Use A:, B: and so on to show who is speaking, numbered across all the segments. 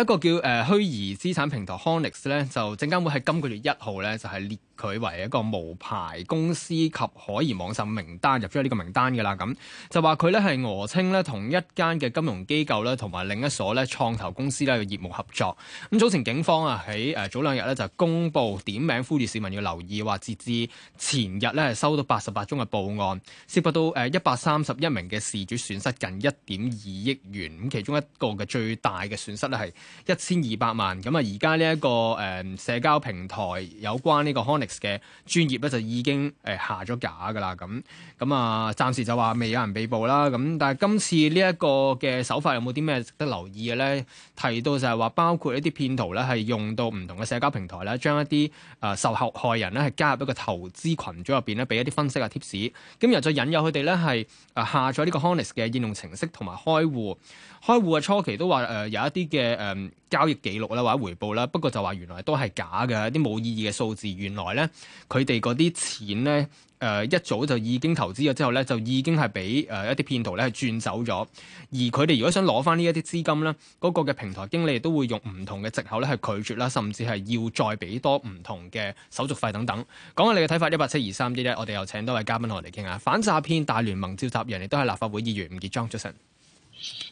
A: 一個叫誒虛擬資，呃、產平台 HOUNAX 咧，就證監會喺今個月一號咧就係列。佢為一個無牌公司及可疑網站名單入咗呢個名單嘅啦，咁就話佢呢係訛稱咧同一間嘅金融機構咧，同埋另一所咧創投公司咧嘅業務合作。咁早前警方啊喺誒早兩日咧就公布點名呼籲市民要留意，話截至前日咧係收到八十八宗嘅報案，涉及到誒一百三十一名嘅事主損失近一點二億元。咁其中一個嘅最大嘅損失咧係一千二百萬。咁啊而家呢一個誒社交平台有關呢個 HOUNAX 嘅專業咧就已經誒、呃、下咗架噶啦，咁咁啊暫時就話未有人被捕啦，咁但係今次呢一個嘅手法有冇啲咩值得留意嘅咧？提到就係話包括一啲騙徒咧係用到唔同嘅社交平台咧，將一啲誒、呃、受害害人咧係加入一個投資群組入邊咧，俾一啲分析啊貼士，咁又再引誘佢哋咧係誒下載呢個 HOUNAX 嘅應用程式同埋開戶，開戶嘅初期都話誒、呃、有一啲嘅誒。呃交易記錄啦，或者回報啦，不過就話原來都係假嘅，一啲冇意義嘅數字。原來呢，佢哋嗰啲錢呢，誒、呃、一早就已經投資咗之後呢，就已經係俾誒一啲騙徒咧轉走咗。而佢哋如果想攞翻呢一啲資金咧，嗰、嗰個嘅平台經理都會用唔同嘅藉口咧，去拒絕啦，甚至係要再俾多唔同嘅手續費等等。講下你嘅睇法，一八七二三一一，我哋又請多位嘉賓落嚟哋傾下，反詐騙大聯盟召集人，亦都係立法會議員吳傑莊主席。Justin。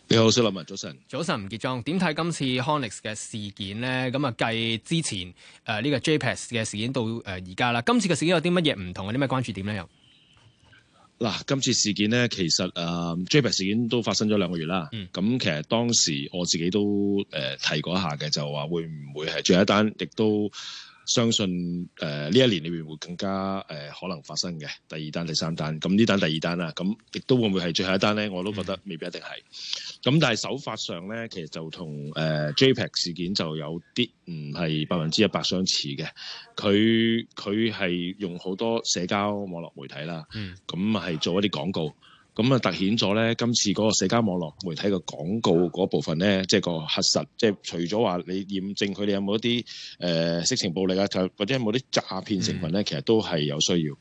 B: 你好，小林文。早晨。
A: 早晨，吳傑莊，點睇今次 HOUNAX 嘅事件咧？咁啊，繼之前誒呢、呃這個 JPEX 嘅事件到誒而家啦。今次嘅事件有啲乜嘢唔同？有啲咩關注點咧？又
B: 嗱、啊，今次事件咧，其實誒、呃、JPEX 事件都發生咗兩個月啦。咁、嗯、其實當時我自己都誒、呃、提過一下嘅，就話會唔會係最後一單，亦都。相信誒呢、呃、一年裏面會更加誒、呃、可能發生嘅第二單第三單，咁呢單第二單啦，咁亦都會唔會係最後一單咧？我都覺得未必一定係。咁、嗯、但係手法上咧，其實就同誒、呃、JPEX 事件就有啲唔係百分之一百相似嘅。佢佢係用好多社交網絡媒體啦，咁係、嗯、做一啲廣告。咁啊，就突顯咗咧，今次嗰個社交網絡媒體嘅廣告嗰部分咧，即係個核實，即係除咗話你驗證佢哋有冇一啲誒、呃、色情暴力啊，就或者有冇啲詐騙成分咧，其實都係有需要。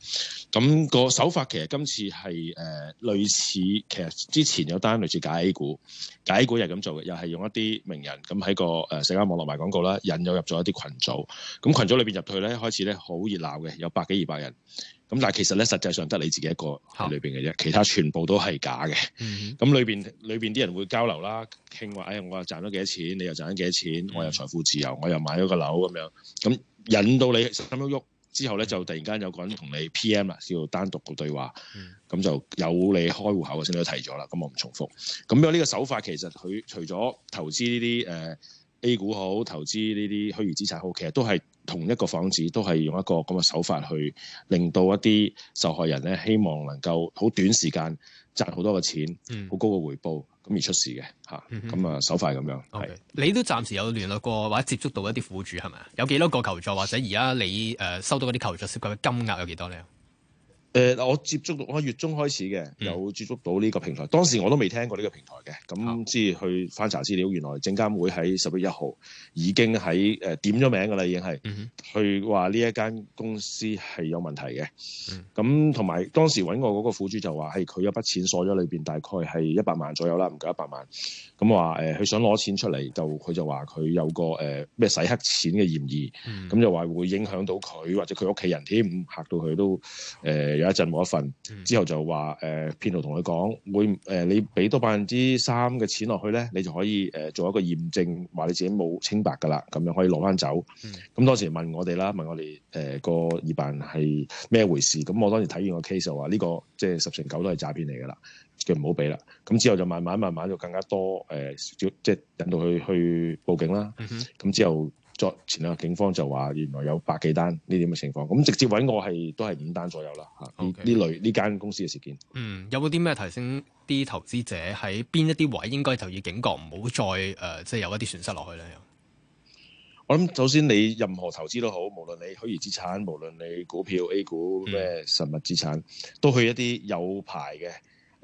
B: 咁、那個手法其實今次係誒、呃、類似，其實之前有單類似解 A 股，解 A 股又係咁做嘅，又係用一啲名人，咁喺個誒社交網絡賣廣告啦，引誘入咗一啲群組，咁群組裏邊入去咧，開始咧好熱鬧嘅，有百幾二百人。咁但係其實咧，實際上得你自己一個喺裏邊嘅啫，啊、其他全部都係假嘅。咁裏邊裏邊啲人會交流啦，傾話，哎我話賺咗幾多錢，你又賺咗幾多錢，我又財富自由，我又買咗個樓咁樣，咁、嗯嗯、引到你心喐喐之後咧，就突然間有個人同你 PM 啦，叫做單獨個對話，咁、嗯、就有你開戶口嘅先都提咗啦，咁我唔重複。咁有呢個手法，其實佢除咗投資呢啲誒 A 股好，投資呢啲虛擬資產好，其實都係。同一個房子都係用一個咁嘅手法去令到一啲受害人咧，希望能夠好短時間賺好多嘅錢，嗯，好高嘅回報，咁而出事嘅嚇。咁、嗯、哼啊手法咁樣。係
A: Okay. 是，你都暫時有聯絡過或者接觸到一啲苦主係咪啊？有幾多個求助或者而家你誒收到嗰啲求助涉及嘅金額有幾多咧？
B: 誒嗱、呃，我接觸我喺月中開始嘅，嗯、有接觸到呢個平台。當時我都未聽過呢個平台嘅，咁即係去翻查資料，原來證監會喺十一月一號已經喺誒、呃、點咗名㗎啦，已經係，佢話呢一間公司係有問題嘅。咁同埋當時揾我嗰個苦主就話，係佢有筆錢鎖咗裏邊，大概係一百萬左右啦，唔夠一百萬。咁話誒，佢、呃、想攞錢出嚟，就佢就話佢有個誒咩、呃、洗黑錢嘅嫌疑，咁、嗯、就話會影響到佢或者佢屋企人添，嚇到佢都誒。呃嗯一陣冇一份，之後就話誒、呃、騙徒同佢講會誒、呃、你俾多百分之三嘅錢落去咧，你就可以誒、呃、做一個驗證，話你自己冇清白噶啦，咁樣可以攞翻走。咁、嗯嗯、當時問我哋啦，問我哋誒、呃、個議辦係咩回事？咁、嗯、我當時睇完個 case 就話呢個即係十成九都係詐騙嚟噶啦，佢唔好俾啦。咁、嗯嗯嗯嗯、之後就慢慢慢慢就更加多誒、呃，即係引到佢去，去報警啦。咁、嗯嗯、之後。在前兩日，警方就話原來有百幾單呢啲咁嘅情況，咁直接揾我係都係五單左右啦。嚇 Okay.，呢呢類呢間公司嘅事件。
A: 嗯，有冇啲咩提醒啲投資者喺邊一啲位應該就要警覺，唔好再誒即係有一啲損失落去咧？我
B: 諗首先你任何投資都好，無論你虛擬資產，無論你股票 A 股咩實物資產，嗯、都去一啲有牌嘅。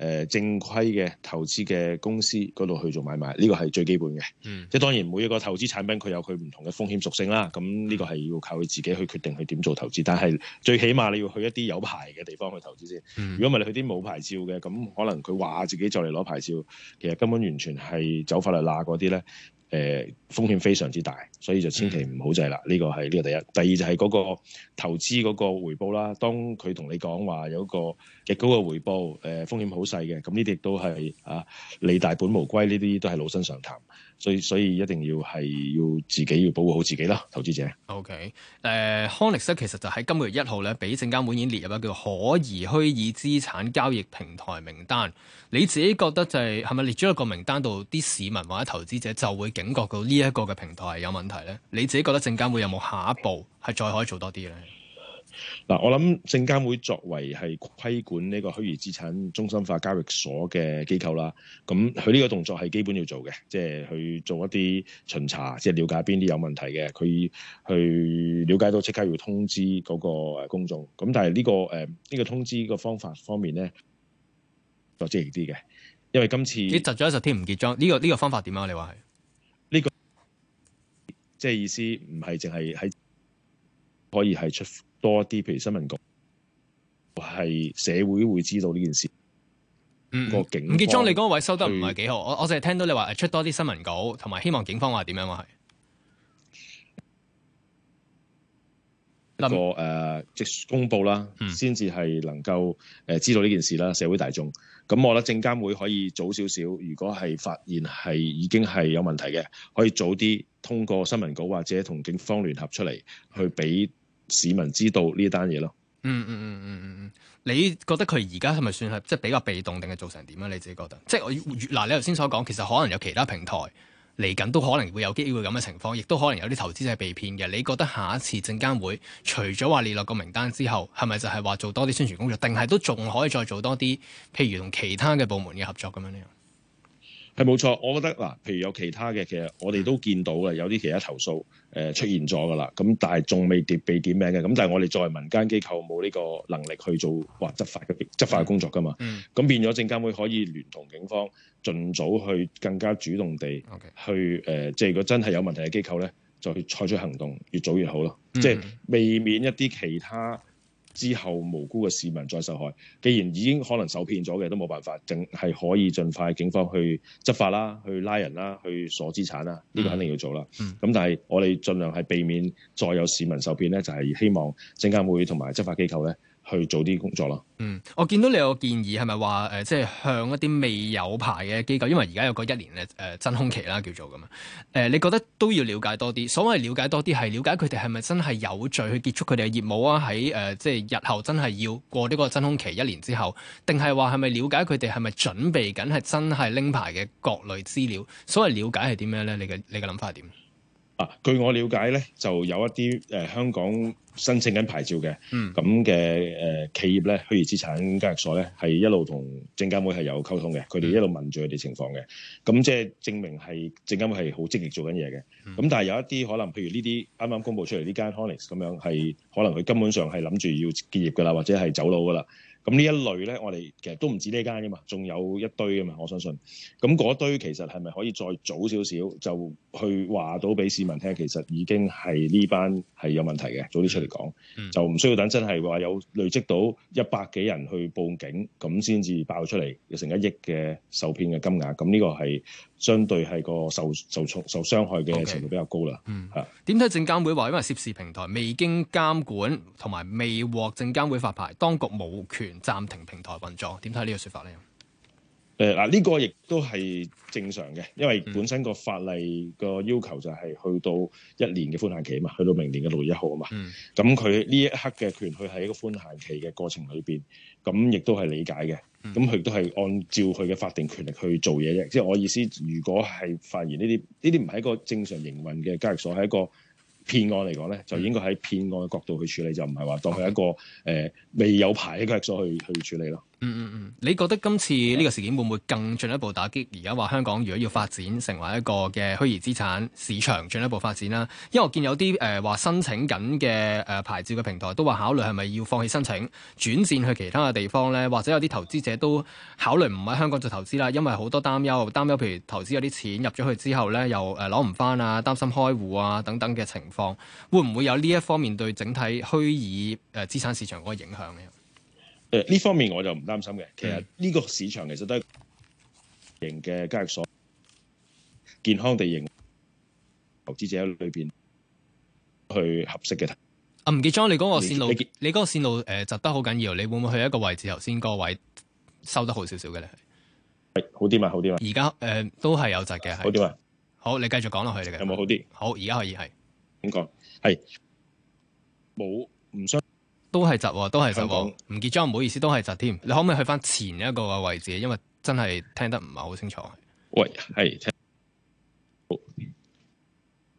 B: 誒正規嘅投資嘅公司嗰度去做買賣，呢個係最基本嘅。即係、嗯、當然每一個投資產品佢有佢唔同嘅風險屬性啦。咁呢個係要靠佢自己去決定佢點做投資。但係最起碼你要去一啲有牌嘅地方去投資先。如果唔係你去啲冇牌照嘅，咁可能佢話自己再嚟攞牌照，其實根本完全係走法律罅嗰啲咧。誒風險非常之大，所以就千祈唔好制啦。呢、嗯、個係呢個第一，第二就係嗰個投資嗰個回報啦。當佢同你講話有一個極高嘅回報，誒風險好細嘅，咁呢啲都係啊，利大本無歸呢啲都係老生常談。所以所以一定要係要自己要保護好自己啦，投資者。
A: OK，誒 HOUNAX 其實就喺今個月一號咧，俾證監會已經列入一個叫可疑虛擬資產交易平台名單。你自己覺得就係係咪列咗一個名單度，啲市民或者投資者就會警覺到呢一個嘅平台係有問題咧？你自己覺得證監會有冇下一步係再可以做多啲咧？
B: 嗱，我諗證監會作為係規管呢個虛擬資產中心化交易所嘅機構啦，咁佢呢個動作係基本要做嘅，即係去做一啲巡查，即、就、係、是、了解邊啲有問題嘅，佢去了解到即刻要通知嗰個誒公眾。咁但係呢、這個誒呢、呃這個通知個方法方面咧，就積極啲嘅，
A: 因為今次你窒咗一十天唔結賬，呢、這個呢、這個方法點啊？你話係呢個
B: 即係意思，唔係淨係喺可以係出。多啲，譬如新聞稿，係社會會知道呢件事。個、嗯嗯、警吳傑莊，你嗰個位收得唔係幾
A: 好？是我我淨係聽到你話出多啲新聞稿，同埋希望警方話點樣話係
B: 個、呃、即公佈啦，先至係能夠誒、呃、知道呢件事啦，社會大眾。咁我覺得證監會可以早少少，如果係發現係已經係有問題嘅，可以早啲通過新聞稿或者同警方聯合出嚟去俾市民知道呢一單嘢咯。嗯嗯
A: 嗯嗯嗯嗯，你覺得佢而家係咪算係即係比較被動，定係做成點啊？你自己覺得？即係我嗱、啊，你頭先所講，其實可能有其他平台嚟緊都可能會有機會咁嘅情況，亦都可能有啲投資者係被騙嘅。你覺得下一次證監會除咗話列落個名單之後，係咪就係話做多啲宣傳工作，定係都仲可以再做多啲，譬如同其他嘅部門嘅合作咁樣呢？
B: 係冇錯，我覺得嗱，譬如有其他嘅，其實我哋都見到嘅，有啲其他投訴誒、呃、出現咗噶啦。咁但係仲未點被點名嘅。咁但係我哋作為民間機構冇呢個能力去做或執、呃、法嘅執法嘅工作噶嘛。咁、嗯嗯、變咗證監會可以聯同警方盡早去更加主動地去誒、嗯呃，即係如果真係有問題嘅機構咧，就去採取行動，越早越好咯。嗯、即係避免一啲其他。之後無辜嘅市民再受害，既然已經可能受騙咗嘅，都冇辦法，淨係可以盡快警方去執法啦，去拉人啦，去鎖資產啦，呢個肯定要做啦。咁、嗯嗯嗯、但係我哋儘量係避免再有市民受騙咧，就係希望證監會同埋執法機構咧。去做啲工作啦。
A: 嗯，我見到你有個建議係咪話誒，即係向一啲未有牌嘅機構，因為而家有個一年誒誒、呃、真空期啦，叫做咁啊。誒、呃，你覺得都要了解多啲。所謂了解多啲係了解佢哋係咪真係有序去結束佢哋嘅業務啊？喺誒、呃，即係日後真係要過呢個真空期一年之後，定係話係咪了解佢哋係咪準備緊係真係拎牌嘅各類資料？所謂了解係點樣咧？你嘅你嘅諗法係點？
B: 據我了解咧，就有一啲誒、呃、香港申請緊牌照嘅咁嘅誒企業咧，虛擬資產交易所咧，係一路同證監會係有溝通嘅，佢哋、嗯、一路問住佢哋情況嘅。咁即係證明係證監會係好積極做緊嘢嘅。咁、嗯、但係有一啲可能，譬如呢啲啱啱公佈出嚟呢間 HOUNAX 咁樣，係可能佢根本上係諗住要結業噶啦，或者係走佬噶啦。咁呢一類咧，我哋其實都唔止呢間噶嘛，仲有一堆噶嘛，我相信。咁嗰堆其實係咪可以再早少少就去話到俾市民聽，其實已經係呢班係有問題嘅，早啲出嚟講，嗯、就唔需要等真係話有累積到一百幾人去報警咁先至爆出嚟，有成一億嘅受騙嘅金額。咁呢個係。相對係個受受挫、受傷害嘅程度比較高啦。嗯 Okay .、mm. 是，吓
A: 點睇？證監會話因為涉事平台未經監管同埋未獲證監會發牌，當局冇權暫停平台運作。點睇呢個説法咧？
B: 誒嗱，呢個亦都係正常嘅，因為本身個法例個要求就係去到一年嘅寬限期啊嘛，去到明年嘅六月一號啊嘛。咁佢呢一刻嘅權，佢喺個寬限期嘅過程裏邊，咁亦都係理解嘅。咁佢、嗯、都係按照佢嘅法定權力去做嘢啫。即係我意思，如果係發現呢啲呢啲唔係一個正常營運嘅交易所，係一個騙案嚟講咧，嗯、就應該喺騙案嘅角度去處理，就唔係話當佢係一個誒、嗯呃、未有牌嘅交易所去去處理咯。
A: 嗯嗯嗯，你覺得今次呢個事件會唔會更進一步打擊而家話香港如果要發展成為一個嘅虛擬資產市場，市場進一步發展啦？因為我見有啲誒話申請緊嘅誒牌照嘅平台都話考慮係咪要放棄申請，轉戰去其他嘅地方咧，或者有啲投資者都考慮唔喺香港做投資啦，因為好多擔憂，擔憂譬如投資有啲錢入咗去之後咧，又誒攞唔翻啊，擔心開戶啊等等嘅情況，會唔會有呢一方面對整體虛擬誒資產市場嗰個影響咧？誒呢方面我就唔擔心嘅，其實呢個市場其實都
B: 係型嘅交易所，健康地型投資者喺裏邊去合適嘅。啊，
A: 吳傑莊，你嗰個線路，你嗰個線路誒，窒、呃、得好緊要。你會唔會去一個位置頭先嗰個位收得好少少嘅咧？係
B: 好啲嘛？好啲嘛？而家
A: 誒都係有窒嘅，好啲嘛？呃、好，好，你繼續講落去嚟嘅。有冇好啲？好，而家可以係點講？係冇唔衰。都係窒啊，都係窒啊，唔結賬，唔好意思，都係窒添。你可唔可以去返前一個位置？因為真係聽得唔係好清楚。喂，係，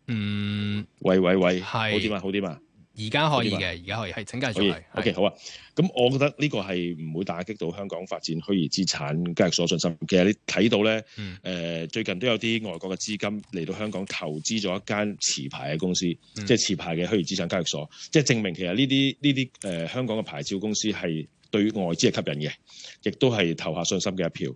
A: 嗯，
B: 喂喂喂，係，好啲嘛，好啲嘛。
A: 而家可以嘅，而家可以請介紹。OK,
B: 好啊。咁我覺得呢個係唔會打擊到香港發展虛擬資產交易所信心嘅。其實你睇到咧，誒、呃、最近都有啲外國嘅資金嚟到香港投資咗一間持牌嘅公司，嗯、即係持牌嘅虛擬資產交易所，即係證明其實呢啲呢啲誒香港嘅牌照公司係。對外資係吸引嘅，亦都係投下信心嘅一票。
A: 咁、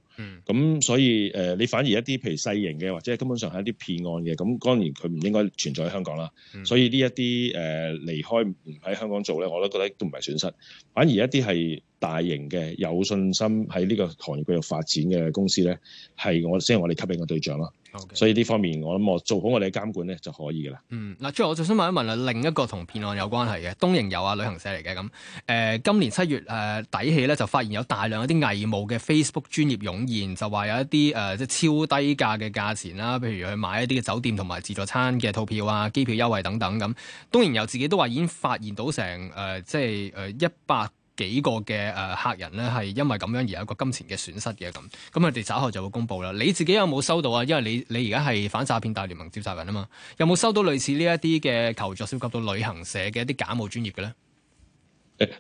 B: 嗯、所以誒、呃，你反而一啲譬如細型嘅，或者根本上係一啲騙案嘅，咁當然佢唔應該存在喺香港啦。嗯、所以呢一啲誒離開唔喺香港做咧，我都覺得都唔係損失。反而一啲係。大型嘅有信心喺呢個行業繼續發展嘅公司咧，係我先係我哋吸引嘅對象咯。Okay. 所以呢方面，我諗我做好我哋嘅監管咧就可以噶啦。嗯，
A: 嗱，最後我就想問一問啊，另一個同騙案有關係嘅東瀛遊啊，旅行社嚟嘅咁誒，今年七月誒、呃、底起咧就發現有大量一啲偽冒嘅 Facebook 專頁湧現，就話有一啲誒、呃、即係超低價嘅價錢啦，譬如去買一啲嘅酒店同埋自助餐嘅套票啊、機票優惠等等咁。東瀛遊自己都話已經發現到成誒、呃、即係誒一百幾個嘅誒客人咧，係因為咁樣而有一個金錢嘅損失嘅咁，咁佢哋稍後就會公佈啦。你自己有冇收到啊？因為你你而家係反詐騙大聯盟召集人啊嘛，有冇收到類似呢一啲嘅求助，涉及到旅行社嘅一啲假冒專頁嘅咧？
B: 誒、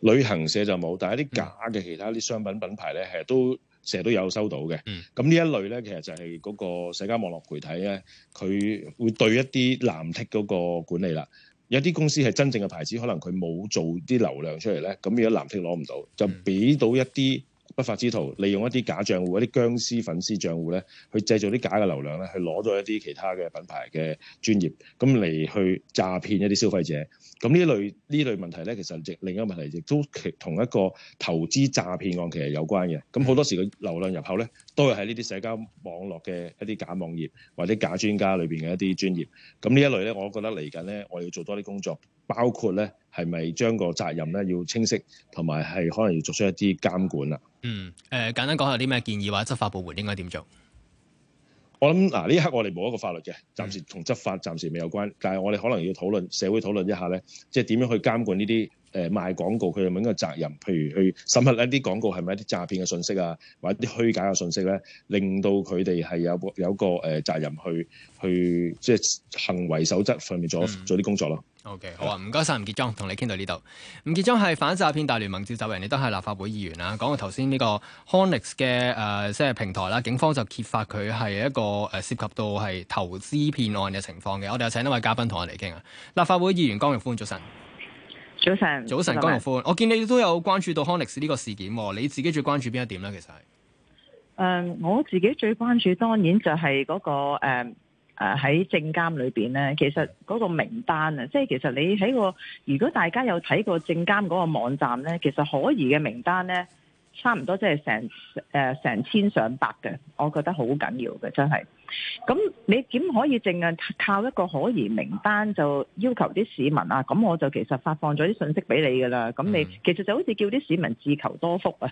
B: 呃，旅行社就冇，但係一啲假嘅其他啲商品品牌咧，係都成日都有收到嘅。咁呢、嗯、一類咧，其實就係嗰個社交網絡媒體咧，佢會對一啲藍剔嗰個管理啦。有啲公司係真正嘅牌子，可能佢冇做啲流量出嚟呢。咁如果藍色攞唔到，就俾到一啲。嗯不法之徒利用一啲假賬戶、一啲僵屍粉絲賬戶咧，去製造啲假嘅流量咧，去攞咗一啲其他嘅品牌嘅專業，咁嚟去詐騙一啲消費者。咁呢類呢類問題咧，其實亦另一個問題亦都同一個投資詐騙案其實有關嘅。咁好多時嘅流量入口咧，都係喺呢啲社交網絡嘅一啲假網頁或者假專家裏邊嘅一啲專業。咁呢一類咧，我覺得嚟緊咧，我要做多啲工作。包括咧，係咪將個責任咧要清晰，同埋係可能要作出一啲監管啊？嗯，
A: 誒、呃、簡單講下啲咩建議或者執法部門應該點做？我諗嗱，啊，呢刻我哋冇一個法律嘅，暫時同執法暫時未有關，
B: 但係我哋可能要討論社會討論一下咧，即係點樣去監管呢啲。誒賣廣告，佢哋有冇個責任，譬如去審核一啲廣告係咪一啲詐騙嘅信息啊，或者啲虛假嘅信息咧，令到佢哋係有有個誒責任去去即係行為守則上面做做啲工作咯、嗯。
A: OK，好啊，唔該晒，吳傑莊，同你傾到呢度。吳傑莊係反詐騙大聯盟召集人，亦都係立法會議員啦。講到頭先呢個 HOUNAX 嘅誒、呃、即係平台啦，警方就揭發佢係一個誒涉及到係投資騙案嘅情況嘅。我哋有請一位嘉賓同我哋傾啊，立法會議員江玉歡，早晨。早晨，早晨江玉歡，我見你都有關注到 HOUNAX 呢個事件，你自己最關注邊一點咧？其實係
C: 誒，我自己最關注，當然就係嗰、嗰個誒誒喺證監裏邊咧。其實嗰個名單啊，即係其實你喺個如果大家有睇過證監嗰個網站咧，其實可疑嘅名單咧，差唔多即係成誒、呃、成千上百嘅，我覺得好緊要嘅，真係。咁你點可以淨係靠一個可疑名單就要求啲市民啊？咁我就其實發放咗啲信息俾你噶啦。咁你其實就好似叫啲市民自求多福啊。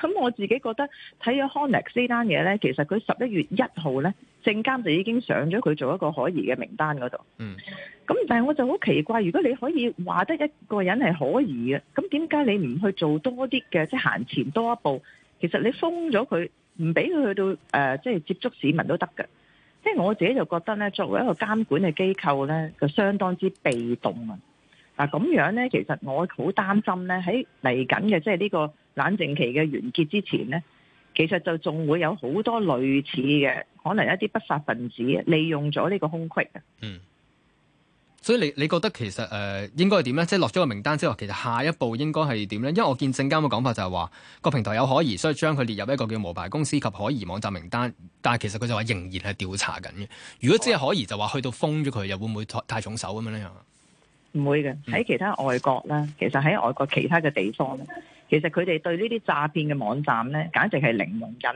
C: 咁我自己覺得睇咗 HOUNAX 呢單嘢呢，其實佢十一月一號呢，證監就已經上咗佢做一個可疑嘅名單嗰度。嗯。咁但係我就好奇怪，如果你可以話得一個人係可疑嘅，咁點解你唔去做多啲嘅，即係行前多一步？其實你封咗佢。唔俾佢去到誒、呃，即係接觸市民都得嘅。即係我自己就覺得呢，作為一個監管嘅機構呢，就相當之被動啊！嗱，咁樣呢，其實我好擔心呢，喺嚟緊嘅即係呢個冷靜期嘅完結之前呢，其實就仲會有好多
A: 類似嘅，可能一啲不法分子利用咗呢個空隙啊。嗯。所以你你覺得其實誒、呃、應該係點咧？即係落咗個名單之後，其實下一步應該係點咧？因為我見證監嘅講法就係話個平台有可疑，所以將佢列入一個叫無牌公司及可疑網站名單。但係其實佢就話仍然係調查緊嘅。如果只係可疑，就話去到封咗佢，又會唔會太重手咁樣咧？唔
C: 會嘅。喺其他外國咧，嗯、其實喺外國其他嘅地方咧，其實佢哋對呢啲詐騙嘅網站咧，簡直係零用緊。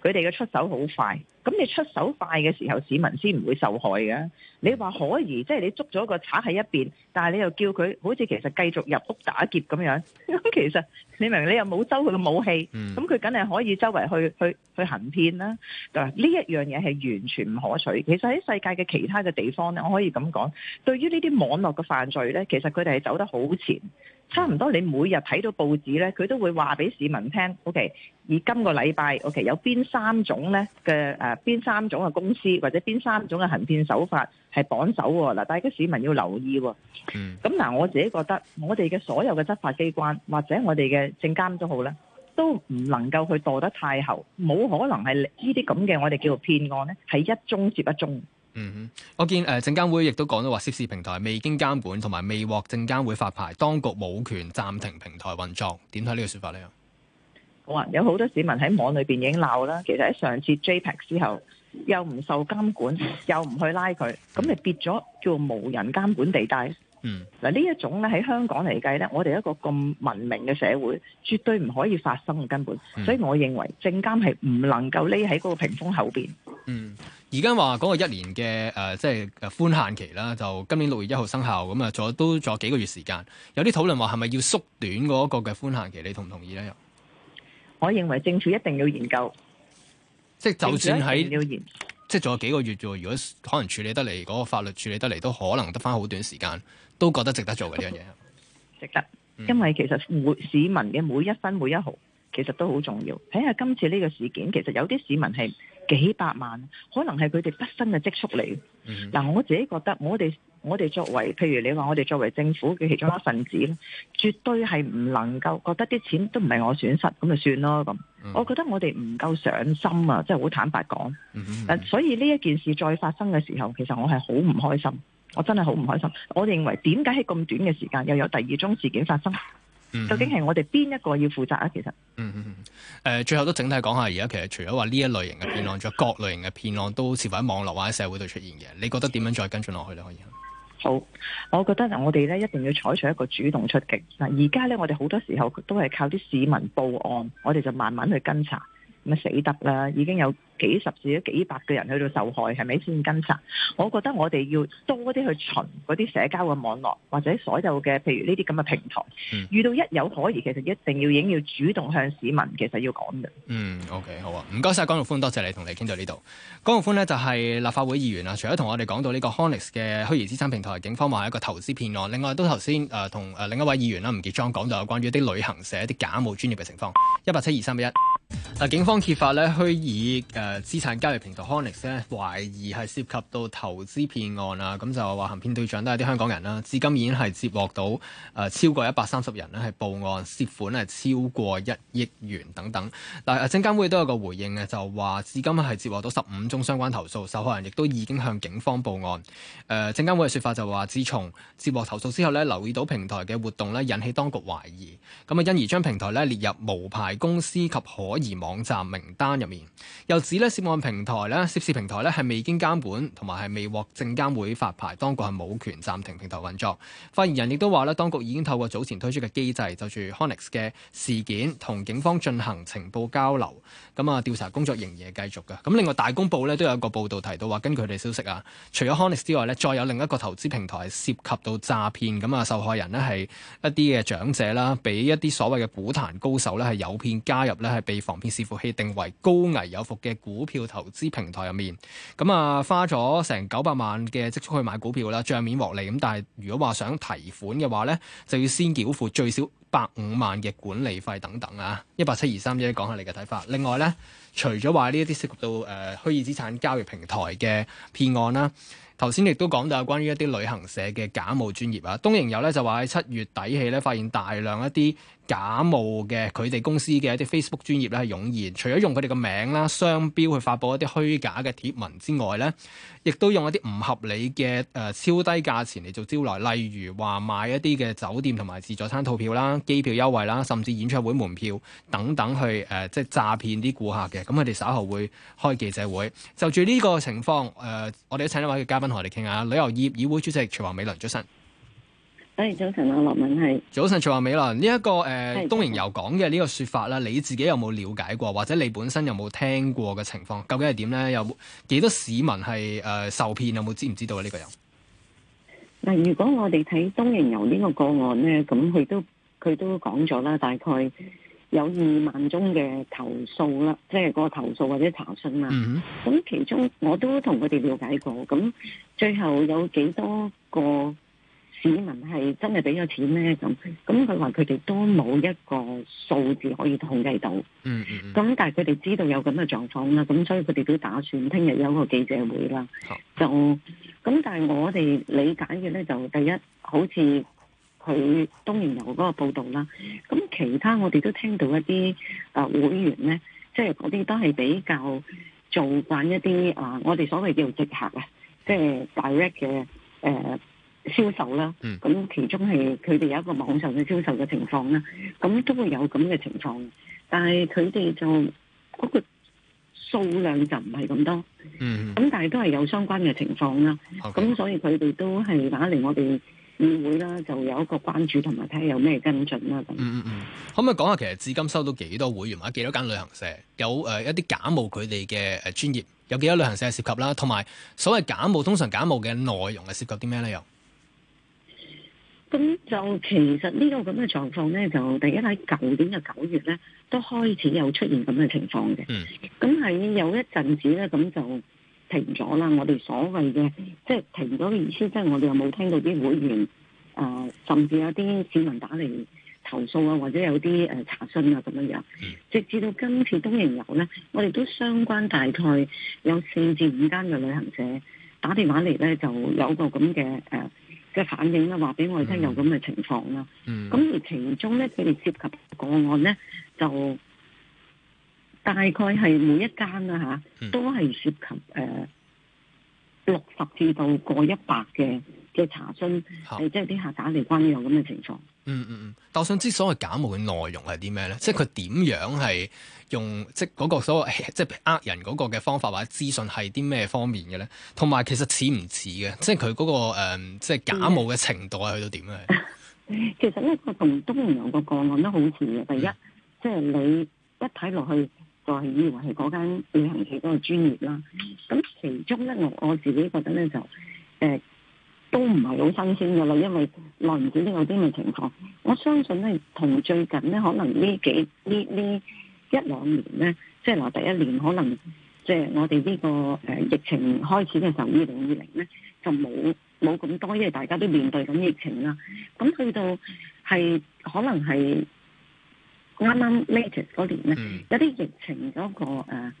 C: 佢哋嘅出手好快。咁你出手快嘅時候，市民先唔會受害嘅。你話可以，即係你捉咗個賊喺一邊，但係你又叫佢好似其實繼續入屋打劫咁樣。咁 其實你明，你又冇收佢嘅武器，咁佢梗係可以周圍去去去行騙啦。嗱，呢一樣嘢係完全唔可取。其實喺世界嘅其他嘅地方咧，我可以咁講，對於呢啲網絡嘅犯罪咧，其實佢哋係走得好前。差唔多你每日睇到報紙咧，佢都會話俾市民聽。OK，而今個禮拜 OK 有邊三種咧嘅誒？啊.邊三種嘅公司或者邊三種嘅行騙手法係榜首？嗱，大家市民要留意。
D: 咁嗱，
C: 我自己覺得我哋嘅所有嘅執法機關或者我哋嘅證監都好啦，都唔能夠去墮得太後，冇可能係呢啲咁嘅我哋叫做騙案咧，係一宗接一宗。嗯
A: 哼，我見誒證監會亦都講到話，涉事平台未經監管同埋未獲證監會發牌，當局冇權暫停平台運作。點睇呢個說法咧？
C: 有好多市民喺網裏邊已經鬧啦。其實喺上次 JPEX 之後，又唔受監管，又唔去拉佢，咁咪變咗叫無人監管地帶。嗯，嗱呢一種咧喺香港嚟計咧，我哋一個咁文明嘅社會，絕對唔可以發生嘅根本。所以我認為證監係唔能夠匿喺嗰個屏風後邊。
A: 嗯，而家話講個一年嘅誒，即係寬限期啦，就今年六月一號生效咁啊，仲都仲有幾個月時間。有啲討論話係咪要縮短嗰個嘅寬限期？你同唔同意咧？
C: 我認為政府一定要研究，
A: 即係就算喺，即係仲有幾個月做。如果可能處理得嚟，嗰個法律處理得嚟，都可能得翻好短時間，都覺得值得做嘅呢樣嘢。值得，
C: 因為其實每市民嘅每一分每一毫，其實都好重要。睇下今次呢個事件，其實有啲市民係幾百萬，可能係佢哋畢生嘅積蓄嚟。嗱，我自己覺得我哋。我哋作為，譬如你話我哋作為政府嘅其中一份子，絕對係唔能夠覺得啲錢都唔係我損失，咁就算咯。咁、嗯、我覺得我哋唔夠上心啊，即係好坦白講。嗯嗯，所以呢一件事再發生嘅時候，其實我係好唔開心，我真係好唔開心。我哋認為點解喺咁短嘅時間又有第二宗事件發生？嗯、哼究竟係我哋邊一個要負責啊？其實，嗯
A: 嗯呃、最後都整體講下，而家其實除咗話呢一類型嘅騙案，仲 有各類型嘅騙案都好似喺網絡或者社會度出現嘅。你覺得點樣再跟進落去呢？可以。
C: 好，我覺得我哋咧一定要採取一個主動出擊。嗱，而家咧我哋好多時候都係靠啲市民報案，我哋就慢慢去跟查。咁死得啦！已經有幾十至幾百個人喺度受害，係咪先跟殺？我覺得我哋要多啲去巡嗰啲社交嘅網絡，或者所有嘅，譬如呢啲咁嘅平台。嗯、遇到一有可
A: 疑，其實一定要影要主動向市民其實要講嘅。嗯，OK，好啊，唔該晒。江玉歡，多謝你同你哋傾到呢度。江玉歡呢，就係、是、立法會議員啊。除咗同我哋講到呢個 HOUNAX 嘅虛擬資產平台，警方話係一個投資騙案。另外，都頭先誒同誒另一位議員啦，吳傑莊講就有關於啲旅行社一啲假冒專業嘅情況。一八七二三一。嗱、啊，警方揭發咧，虛擬誒資產交易平台 HOUNAX 咧，懷疑係涉及到投資騙案啊，咁、嗯、就話行騙對象都係啲香港人啦、啊。至今已經係接獲到誒、呃、超過一百三十人咧、啊、係報案，涉款係超過一億元等等。但嗱，證、呃、監會都有個回應嘅、啊，就話至今係接獲到十五宗相關投訴，受害人亦都已經向警方報案。誒、呃，證監會嘅說法就話，自從接獲投訴之後咧，留意到平台嘅活動咧，引起當局懷疑，咁啊因而將平台咧列入無牌公司及可。而網站名單入面，又指呢涉案平台呢涉事平台呢係未經監管，同埋係未獲證監會發牌，當局係冇權暫停平台運作。發言人亦都話呢當局已經透過早前推出嘅機制，就住 HOUNAX 嘅事件同警方進行情報交流，咁啊調查工作仍然係繼續㗎。咁另外大公報呢都有一個報導提到話，根據佢哋消息啊，除咗 HOUNAX 之外呢，再有另一個投資平台涉及到詐騙，咁啊受害人呢係一啲嘅長者啦，俾一啲所謂嘅股壇高手呢係誘騙加入呢係被。防騙視伏器定為高危有伏嘅股票投資平台入面，咁啊花咗成九百萬嘅積蓄去買股票啦，帳面獲利，咁但係如果話想提款嘅話呢，就要先繳付最少百五萬嘅管理費等等啊！1, 一八七二三，一講下你嘅睇法。另外呢，除咗話呢一啲涉及到誒、呃、虛擬資產交易平台嘅騙案啦，頭先亦都講到關於一啲旅行社嘅假冒專頁啊，東瀛遊咧就話喺七月底起呢，發現大量一啲。假冒嘅佢哋公司嘅一啲 Facebook 專頁咧係湧現，除咗用佢哋嘅名啦、商標去發布一啲虛假嘅貼文之外呢，亦都用一啲唔合理嘅誒、呃、超低價錢嚟做招徠，例如話買一啲嘅酒店同埋自助餐套票啦、機票優惠啦，甚至演唱會門票等等去誒即係詐騙啲顧客嘅。咁佢哋稍後會開記者會。就住呢個情況，誒、呃，我哋都請一位嘅嘉賓同我哋傾下。旅遊業議會主席徐王美倫早晨。
E: 哎，早晨啊，羅文
A: 係。早晨，徐王美倫，呢、這、一個誒，呃、的東瀛遊講嘅呢個說法啦，你自己有冇了解過？或者你本身有冇聽過嘅情況？究竟係點咧？有幾多市民係誒、呃、受騙？有冇知唔知道啊？呢、這個人？
E: 嗱，如果我哋睇東瀛遊呢個個案咧，咁佢都佢都講咗啦，大概有二萬宗嘅投訴啦，即係個投訴或者查詢啦。咁、嗯、哼其中我都同佢哋了解過，咁最後有幾多個？市民係真係俾咗錢咧，咁，咁佢話佢哋都冇一個數字可以統計到。嗯，嗯，嗯，咁但係佢哋知道有咁嘅狀況啦，咁所以佢哋都打算聽日有個記者會啦。啊、就咁，但係我哋理解嘅咧，就第一好似佢東瀛遊嗰個報導啦，咁其他我哋都聽到一啲啊、呃、會員咧，即係嗰啲都係比較做慣一啲啊、呃，我哋所謂叫做直客啊，即、就、係、是、direct 嘅誒。呃銷售啦，咁、嗯、其中係佢哋有一個網上嘅銷售嘅情況啦，咁都會有咁嘅情況，但係佢哋就嗰、那個數量就唔係咁多，咁、嗯嗯、但係都係有相關嘅情況啦。咁、嗯嗯、所以佢哋都係打嚟我哋議會啦，就有一個關注同埋睇下有咩跟進啦。咁、嗯嗯，
A: 可唔可以講下其實至今收到幾多會員啊？幾多間旅行社有誒、呃、一啲假冒佢哋嘅誒專頁？有幾多旅行社係涉及啦？同埋所謂假冒，通常假冒嘅內容係涉及啲咩內容？
E: 咁就其實呢個咁嘅狀況咧，就第一喺舊年嘅九月咧，都開始有出現咁嘅情況嘅。咁喺、mm hmm. 有一陣子咧，咁就停咗啦。我哋所謂嘅，即係停咗嘅意思，即係我哋又冇聽到啲會員誒、呃，甚至有啲市民打嚟投訴啊，或者有啲誒、呃、查詢啊咁樣樣。直至到今次東瀛遊咧，我哋都相關大概有四至五間嘅旅行社打電話嚟咧，就有個咁嘅誒。呃嘅反映啦，話俾我哋聽有咁嘅情況啦。咁、嗯嗯、而其中咧，佢哋涉及個案咧，就大概係每一間啦吓，都係涉及誒六十至到過一百嘅
A: 嘅查詢，嗯、即係啲客打嚟關於有咁
E: 嘅情況。
A: 嗯嗯嗯，但我想知所謂假冒嘅內容係啲咩咧？即係佢點樣係用即係嗰個所謂即係呃人嗰個嘅方法或者資訊係啲咩方面嘅咧？同埋其實相相似唔似嘅？即係佢嗰個、嗯、即係假冒嘅程度係去到點咧、嗯？其
E: 實咧，佢同東瀛遊個個案都好似嘅。第一，即、就、係、係、你一睇落去就係以為係嗰間旅行社嗰個專頁啦。咁其中咧，我我自己覺得咧就誒，呃都唔係好新鮮嘅啦，因為耐唔少都有啲咁嘅情況。我相信咧，同最近咧，可能幾呢幾呢呢一兩年咧，即係嗱，第一年可能即係我哋呢、這個誒、呃、疫情開始嘅時候，二零二零咧就冇冇咁多，因為大家都面對緊疫情啦。咁去到係可能係啱啱 latest 嗰年咧，嗯、有啲疫情嗰、那個、呃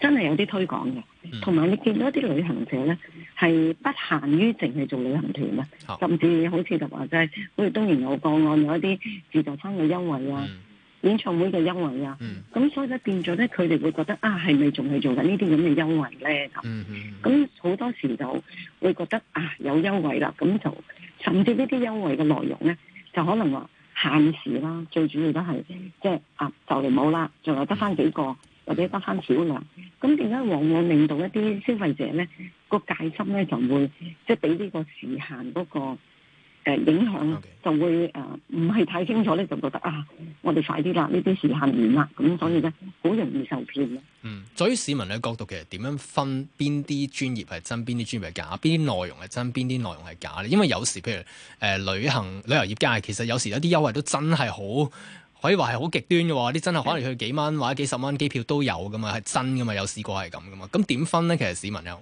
E: 真係有啲推廣嘅，同埋你見到一啲旅行社咧係不限於淨係做旅行團啊，甚至好似就話就係好似東瀛遊有個案有一啲自助餐嘅優惠啊，嗯、演唱會嘅優惠啊，咁、嗯、所以咧變咗咧佢哋會覺得啊係咪仲係做緊呢啲咁嘅優惠咧咁，好、嗯嗯、多時就會覺得啊有優惠啦，咁就甚至呢啲優惠嘅內容咧就可能話限時啦，最主要都係即係啊就嚟冇啦，仲有得翻幾個。或者得翻少量，咁點解往往令到一啲消費者咧個戒心咧就會即係俾呢個時限嗰個誒影響，就會誒唔係太清楚咧，Okay. 就覺得啊，我哋快啲啦，呢啲時限完啦，咁所以咧好容
A: 易受騙。嗯，所以市民嘅角度其實點樣分邊啲專業係真，邊啲專業係假，邊啲內容係真，邊啲內容係假咧？因為有時譬如誒、呃、旅行旅遊業界，其實有時有啲優惠都真係好。可以話係好極端嘅，啲真係可能去幾蚊，或者幾十蚊機票都有噶嘛，係真噶嘛，有試過係咁噶嘛。咁點分呢？其實市民又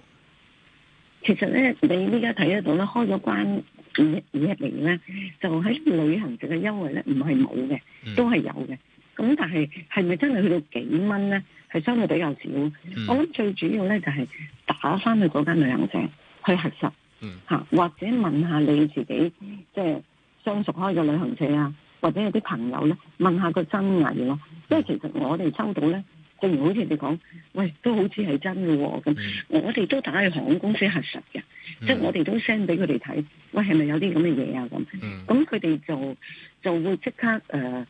E: 其實咧，你依家睇得到咧，開咗關二五一,二一零咧，就喺旅行社嘅優惠咧，唔係冇嘅，都係有嘅。咁但係係咪真係去到幾蚊咧？係相對比較少。嗯、我諗最主要咧就係打翻去嗰間旅行社去核實，吓、嗯、或者問下你自己即係相熟開嘅旅行社啊。或者有啲朋友咧問下個真偽咯，即係其實我哋收到咧，正如好似你講，喂都好似係真嘅咁、哦，我哋都打去航空公司核實嘅，嗯、即係我哋都 send 俾佢哋睇，喂係咪有啲咁嘅嘢啊咁？咁佢哋就就會即刻誒，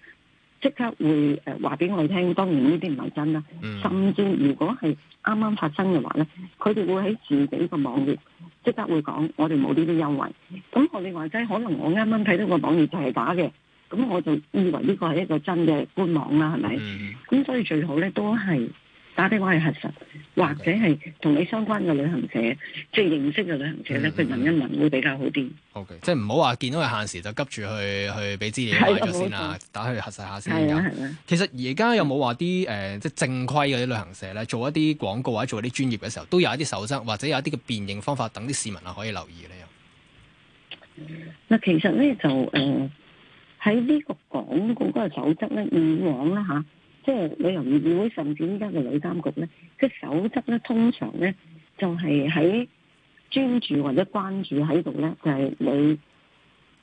E: 即、呃、刻會誒話俾我聽，當然呢啲唔係真啦。嗯、甚至如果係啱啱發生嘅話咧，佢哋會喺自己個網頁即刻會講，我哋冇呢啲優惠。咁我哋話齋，可能我啱啱睇到個網頁就係打嘅。咁我就以為呢個係一個真嘅官網啦，係咪？咁、嗯、所以最好咧都係打
A: 電話去核實，或者係同你相關嘅旅行社，即係、嗯、認識嘅旅行社咧，去問、嗯嗯、一問會比較好啲。O、okay, K，即係唔好話見到佢限時就急住去去俾資料埋咗先啦，啊、打去核實下先。係、啊啊、其實而家有冇話啲誒即係正規嘅啲旅行社咧，做一啲廣告或者做一啲專業嘅時候，都有一啲守則，或者有一啲嘅辨認方法，等啲市民啊可以留意呢？又
E: 嗱，其實咧就誒。呃喺呢個廣告嗰個守則咧，以往咧嚇、啊，即係旅遊業議會甚至依家嘅旅監局咧，即係守則咧，通常咧就係、是、喺專注或者關注喺度咧，就係、是、你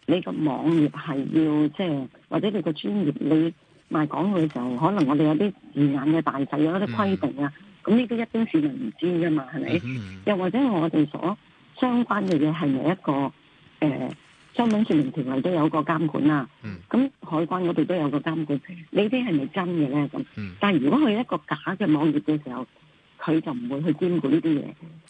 E: 你個網頁係要即係或者你個專業，你賣廣告嘅時候，可能我哋有啲字眼嘅大細有一啲規定啊。咁呢啲一般市民唔知噶嘛，係咪？Mm hmm. 又或者我哋所相關嘅嘢係咪一個誒？呃商品説明條例都有個監管啦，咁海關嗰度都有個監管，嗯、監管是是呢啲係咪真嘅咧咁？嗯、但係如果佢一個假嘅網頁嘅時候，佢就唔會去監管呢啲嘢。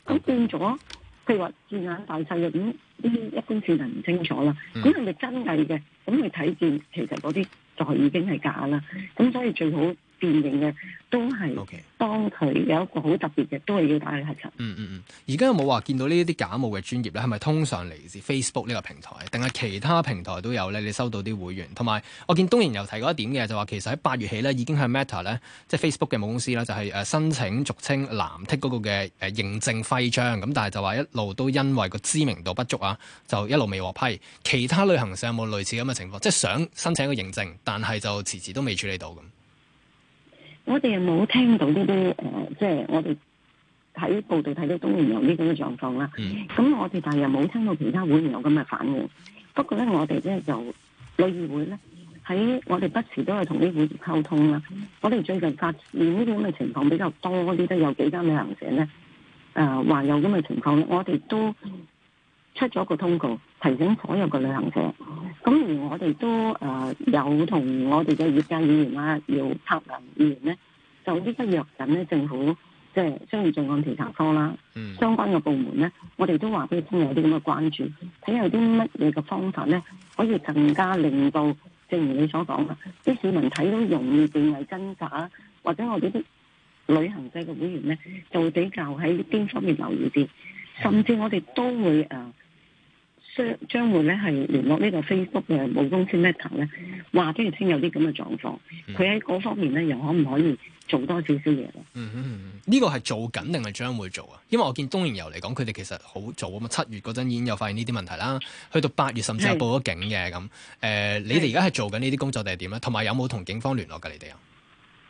E: 咁變咗，譬如話字眼大細嘅，咁呢啲一般市民唔清楚啦。咁係咪真嘅？嘅咁你睇見，其實嗰啲就已經係假
A: 啦。咁所以最好。變形嘅都係當佢有一個好特別嘅，都係要打理核塵。嗯嗯嗯。而家有冇話見到呢啲假冒嘅專頁咧？係咪通常嚟自 Facebook 呢個平台，定係其他平台都有咧？你收到啲會員同埋我見東瀛遊有提過一點嘅，就話其實喺八月起咧已經係 Meta 咧，即係 Facebook 嘅母公司咧，就係誒申請俗稱藍剔嗰個嘅誒認證徽章咁，但係就話一路都因為個知名度不足啊，就一路未獲批。其他旅行社有冇類似咁嘅情況？即係想申請一個認證，但係就遲遲都未處理到咁。
E: 我哋又冇聽到呢啲誒，即係我哋喺報道睇到東瀛遊有呢種嘅狀況啦。咁、嗯、我哋但係又冇聽到其他會員有咁嘅反應。不過咧，我哋咧由旅議會咧喺我哋不時都係同啲會員溝通啦。我哋最近發現呢啲咁嘅情況比較多啲，都有幾間旅行社咧誒話有咁嘅情況咧，我哋都出咗個通告提醒所有嘅旅行社，咁而我哋都誒有同我哋嘅業界會員啦，要策劃會員咧，就呢不藥癥咧，政府即係商業罪案調查科啦，相關嘅部門咧，我哋都話俾佢聽有啲咁嘅關注，睇有啲乜嘢嘅方法咧，可以更加令到正如你所講嘅，啲市民睇到容易避危掙扎，或者我哋啲旅行社嘅會員咧，就會比較喺邊方面留意啲，甚至我哋都會誒。呃將將會咧係聯絡呢個 Facebook 嘅母公司 Meta 咧，話俾你聽有啲咁嘅狀況。
D: 佢喺嗰
A: 方面咧，又可唔可以做多少少
D: 嘢
A: 咧？嗯呢、嗯這個係做緊定係將會做啊？因為我見東瀛遊嚟講，佢哋其實好早啊嘛，七月嗰陣已經有發現呢啲問題啦。去到八月甚至係報咗警嘅咁。誒，你哋而家係做緊呢啲工作定係點咧？同埋有冇同警方聯絡㗎？你哋啊？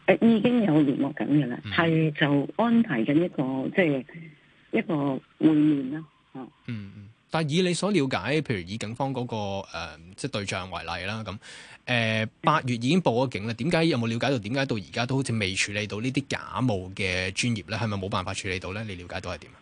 A: 誒已經有
E: 聯絡緊㗎啦，係、嗯、就安排緊一個即係一,一個會面啦。嗯嗯。
A: 但係以你所了解，譬如以警方嗰、那個誒、呃、即係對象為例啦，咁誒八月已經報咗警啦，點解有冇了解到點解到而家都好似未處理到呢啲假冒嘅專頁咧？係咪冇辦法處理到咧？你了解到係點啊？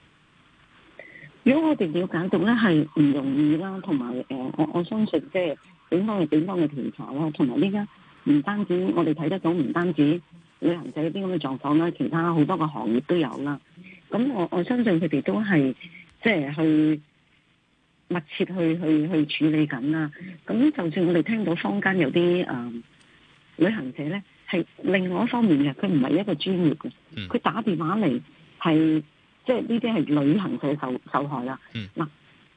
A: 如果
E: 我哋了解到咧，係唔容易啦，同埋誒我我相信即係警方嘅警方嘅調查啦，同埋呢家唔單止我哋睇得到，唔單止旅行社嗰啲咁嘅狀況啦，其他好多個行業都有啦。咁、嗯嗯嗯、我我相信佢哋都係即係去。密切去去去處理緊啦，咁就算我哋聽到坊間有啲誒、呃、旅行社咧，係另外一方面嘅，佢唔係一個專業嘅，佢、嗯、打電話嚟係即係呢啲係旅行社受受害啦。嗱、嗯，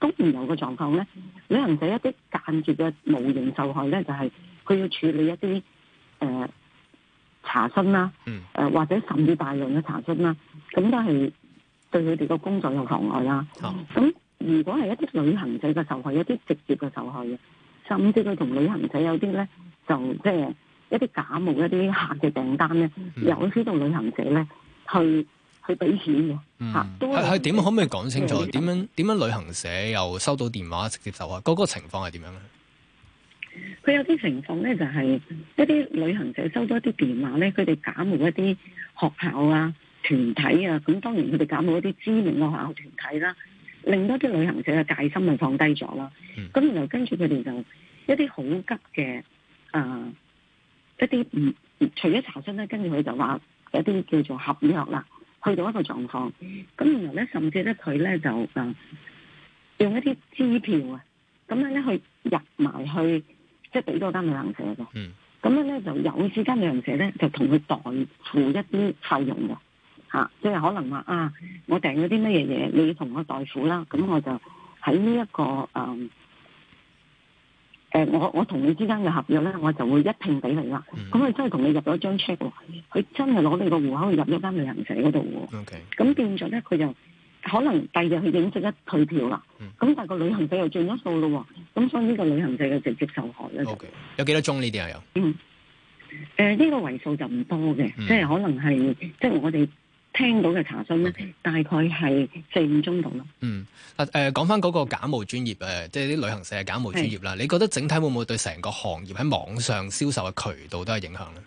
E: 都唔有個狀況咧，旅行社一啲間接嘅無形受害咧，就係、是、佢要處理一啲誒、呃、查詢啦，誒、嗯、或者甚至大量嘅查詢啦，咁都係對佢哋個工作有妨礙啦。咁、嗯嗯如果係一啲旅行社嘅受害，有啲直接嘅受害嘅，甚至佢同旅行社有啲咧，就即係、就係、一啲假冒一啲客嘅訂單咧，有少啲旅行社咧去去俾錢
A: 嘅嚇。係係點可唔可，可以講清楚？點樣點樣旅行社又收到電話直接受害？嗰、嗰個情況係點樣咧？
E: 佢有啲情況咧、就係，就係一啲旅行社收咗一啲電話咧，佢哋假冒一啲學校啊團體啊，咁當然佢哋假冒一啲知名嘅學校團體啦、啊。令到啲旅行社嘅戒心就放低咗啦，咁、嗯、然後跟住佢哋就一啲好急嘅啊、呃、一啲唔除咗查詢咧，跟住佢就話有啲叫做合約啦，去到一個狀況，咁然後咧甚至咧佢咧就啊、呃、用一啲支票啊，咁樣咧去入埋去即係俾多間旅行社嘅，咁、嗯、樣咧就有啲間旅行社咧就同佢代付一啲費用嘅。吓，即係可能話啊，我訂咗啲乜嘢嘢，你同我代付啦，咁我就喺呢一個誒，誒，我我同你之間嘅合約咧，我就會一併俾你啦。咁佢真係同你入咗張 check 喎，佢真係攞你個戶口入咗間旅行社嗰度喎。O K。咁變咗咧，佢就可能第二日佢已經，即刻退票啦。咁但係個旅行社又轉咗數咯喎。咁所以呢個旅行社嘅直接受害咧
A: 有幾多宗呢啲啊？有
E: 嗯，誒呢個為數就唔多嘅，即係可能係即係我哋。聽到嘅查詢咧，大概係四五宗度咯。
A: 嗯，啊，誒，講返嗰個假冒專頁，誒，即係啲旅行社嘅假冒專頁啦。是你覺得整體會唔會對成個行業喺網上銷售嘅渠道都係影響咧？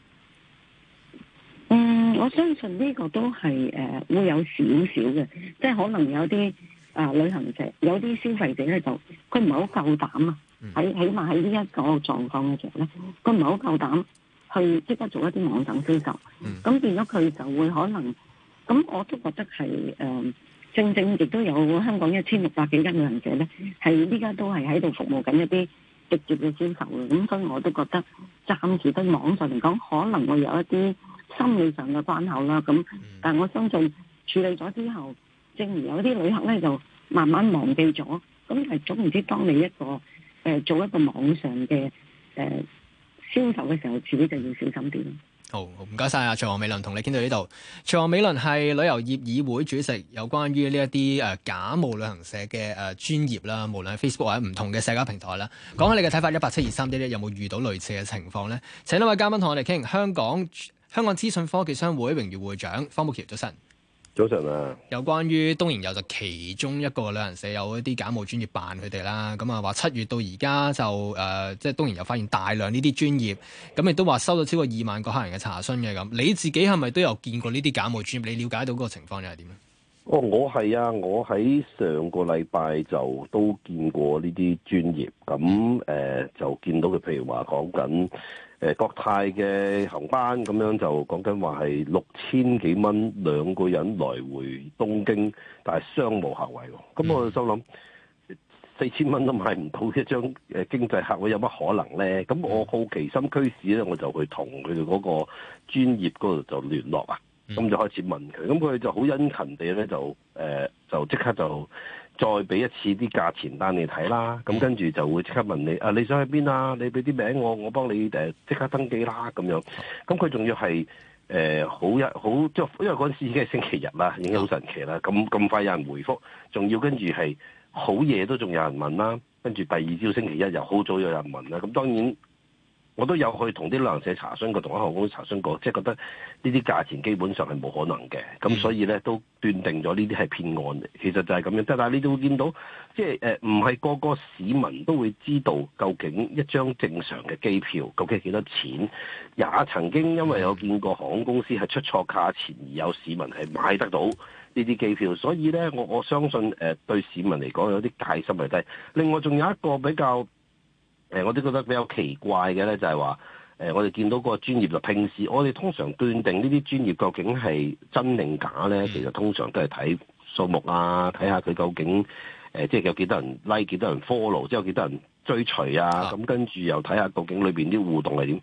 A: 嗯，
E: 我相信呢個都係誒、呃、會有少少嘅，即係可能有啲啊、呃、旅行社有啲消費者咧就佢唔係好夠膽啊，喺、嗯、起碼喺呢一個狀況嘅時候咧，佢唔係好夠膽去即刻做一啲網上銷售。咁、嗯、變咗佢就會可能。咁、嗯、我都覺得係誒、呃，正正亦都有香港一千六百幾間旅行社咧，係依家都係喺度服務緊一啲直接嘅銷售嘅，咁、嗯、所以我都覺得暫時對網上嚟講，可能會有一啲心理上嘅關口啦。咁、嗯，嗯、但我相信處理咗之後，正如有啲旅客咧就慢慢忘記咗。咁、嗯、係總唔知當你一個誒、呃、做一個網上嘅誒銷售嘅時候，自己就要小心
A: 啲。好，唔該晒啊！徐王美倫同你傾到呢度。徐王美倫係旅遊業議會主席，有關於呢一啲誒假冒旅行社嘅誒專頁啦，無論係 Facebook 或者唔同嘅社交平台啦，講下你嘅睇法。一八七二三啲咧，有冇遇到類似嘅情況呢？請一位嘉賓同我哋傾。香港香港資訊科技商會榮譽會長方保僑早晨。
F: 早晨啊，
A: 有關於東瀛遊就其中一個旅行社有一啲假冒專頁辦佢哋啦，咁啊話七月到而家就誒、呃，即係東瀛遊發現大量呢啲專頁，咁亦都話收到超過二萬個客人嘅查詢嘅咁，你自己係咪都有見過呢啲假冒專頁？你了解到嗰個情況又係點樣？
F: 我我係啊，我喺上個禮拜就都見過呢啲專頁，咁誒、嗯呃、就見到佢，譬如話講緊。誒、呃、國泰嘅航班咁樣就講緊話係六千幾蚊兩個人來回東京，但係商務客位喎。咁我就心諗四千蚊都買唔到一張誒經濟客位，有乜可能咧？咁我好奇心驅使咧，我就去同佢哋嗰個專業嗰度就聯絡啊。咁就開始問佢，咁佢就好殷勤地咧就誒、呃、就即刻就。再俾一次啲價錢單你睇啦，咁跟住就會即刻問你，啊你想去邊啊？你俾啲名我，我幫你誒即刻登記啦咁樣。咁佢仲要係誒、呃、好一好，即因為嗰陣時已經係星期日啦，已經好神奇啦。咁咁快有人回覆，仲要跟住係好夜都仲有人問啦。跟住第二朝星期一又好早有人問啦。咁當然。我都有去同啲旅行社查詢過，同航空公司查詢過，即係覺得呢啲價錢基本上係冇可能嘅，咁所以咧都斷定咗呢啲係騙案嚟。其實就係咁樣，但係你都會見到，即係誒唔係個個市民都會知道究竟一張正常嘅機票究竟幾多錢，也曾經因為有見過航空公司係出錯價錢而有市民係買得到呢啲機票，所以咧我我相信誒、呃，對市民嚟講有啲戒心喺度，另外仲有一個比較。誒、呃，我都覺得比較奇怪嘅咧，就係、是、話，誒、呃，我哋見到個專頁嘅拼士，平時我哋通常斷定呢啲專頁究竟係真定假咧，其實通常都係睇數目啊，睇下佢究竟，誒、呃，即係有幾多人 like 幾多人 follow，即係有幾多人追隨啊，咁、啊嗯、跟住又睇下究竟裏邊啲互動係點。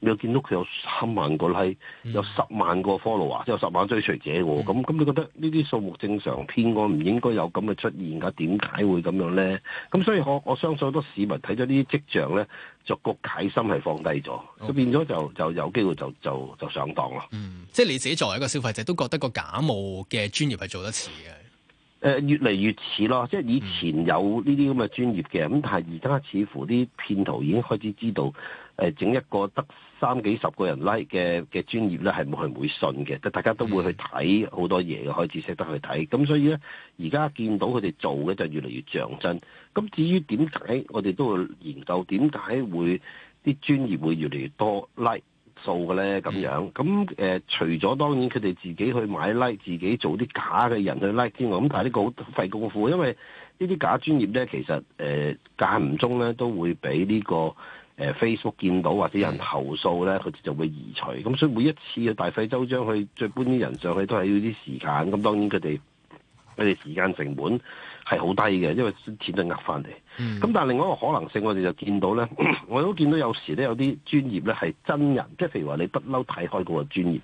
F: 你又見到佢有三萬個 like，嗯、有十萬個 follower 即有十萬追隨者喎。咁咁、嗯，你覺得呢啲數目正常偏啱，唔應該有咁嘅出現㗎？點解會咁樣咧？咁所以我我相信好多市民睇咗呢啲跡象咧，就個戒心係放低咗 Okay.，就變咗就就有機會就就就上當咯。嗯，
A: 即係你自己作為一個消費者，都覺得個假冒嘅專業係做得似
F: 嘅。誒、呃，越嚟越似咯。即係以前有呢啲咁嘅專業嘅，咁但係而家似乎啲騙徒已經開始知道誒、呃、整一個得。三幾十個人 like 嘅嘅專業咧，係冇人會信嘅，但大家都會去睇好多嘢，開始識得去睇。咁所以咧，而家見到佢哋做嘅就越嚟越像真。咁至於點解我哋都會研究點解會啲專業會越嚟越多 like 數嘅咧？咁樣咁誒、呃，除咗當然佢哋自己去買 like，自己做啲假嘅人去 like 之外，咁但係呢個好費功夫，因為呢啲假專業咧，其實誒、呃、間唔中咧都會俾呢、呢個。誒 Facebook 見到或者有人投訴咧，佢就會移除。咁所以每一次大費周章去再搬啲人上去，都係要啲時間。咁當然佢哋佢哋時間成本係好低嘅，因為錢都呃翻嚟。咁、嗯、但係另外一個可能性，我哋就見到咧，我都見到有時咧有啲專頁咧係真人，即係譬如話你不嬲睇開嗰個專頁，